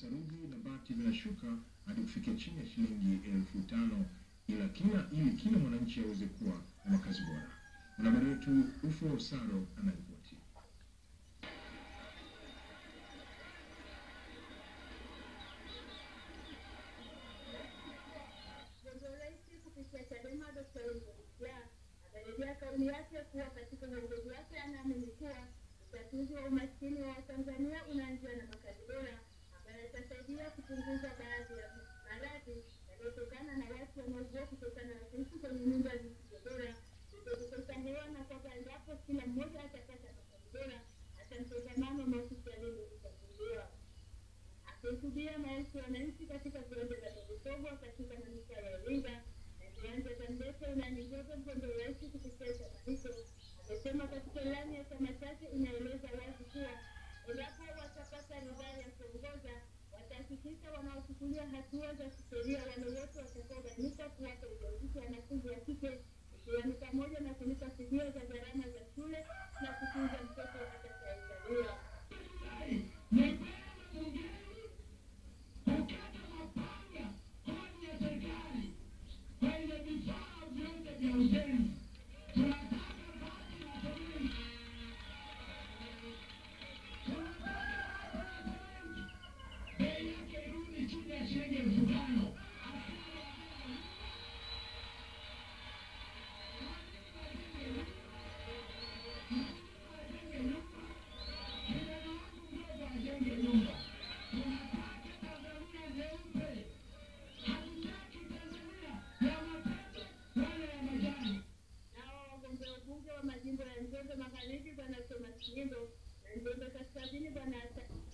saruji na bati vinashuka hadi kufikia chini ya shilingi elfu tano ila kila ili kila mwananchi aweze kuwa na makazi bora. Mwanahabari wetu Ufo Saro anaripoti. kauli yake kuwa katika kuwa utatuzi Tanzania unaanzia na Kusudia 嗯。Mbunge wa majimbo ya Njombe Magharibi Bwana Thomas Nyindo na Njombe Kaskazini Bwana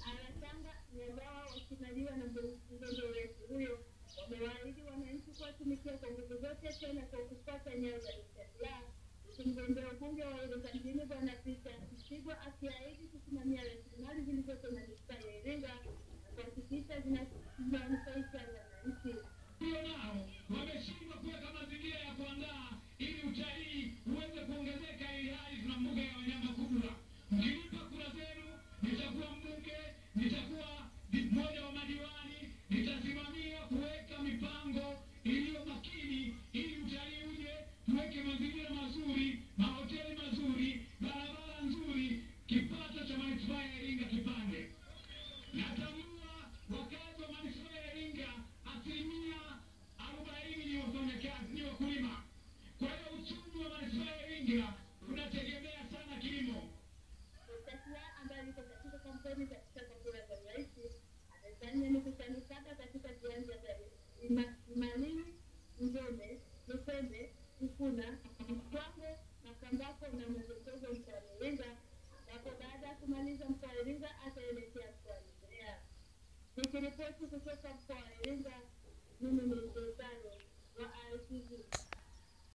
Aratanga Nyandawa wakinaliwa na mgondo wetu huyo wamewaahidi wananchi kuwatumikia kwa nguvu zote, tena kwa kufuata nyayo za kisiasa. Mgombea ubunge wa Iringa mjini Bwana Peter Msigwa akiahidi kusimamia rasilimali zilizopo manispaa ya Iringa na kuhakikisha zinanufaisha wananchi. wameshindwa kuweka ambaye yuko katika kampeni za kutaka kura za urais amefanya mikutano saba katika viwanja vya Imalili, Njombe, Lusembe, Kifuna, Mtwangwe, Makambako na Mwelekezo mkoani Iringa, ambapo baada ya kumaliza mkoa wa Iringa ataelekea mkoani Mbeya. Nikiripoti kutoka mkoa wa Iringa, mimi ni Sultani wa ITV.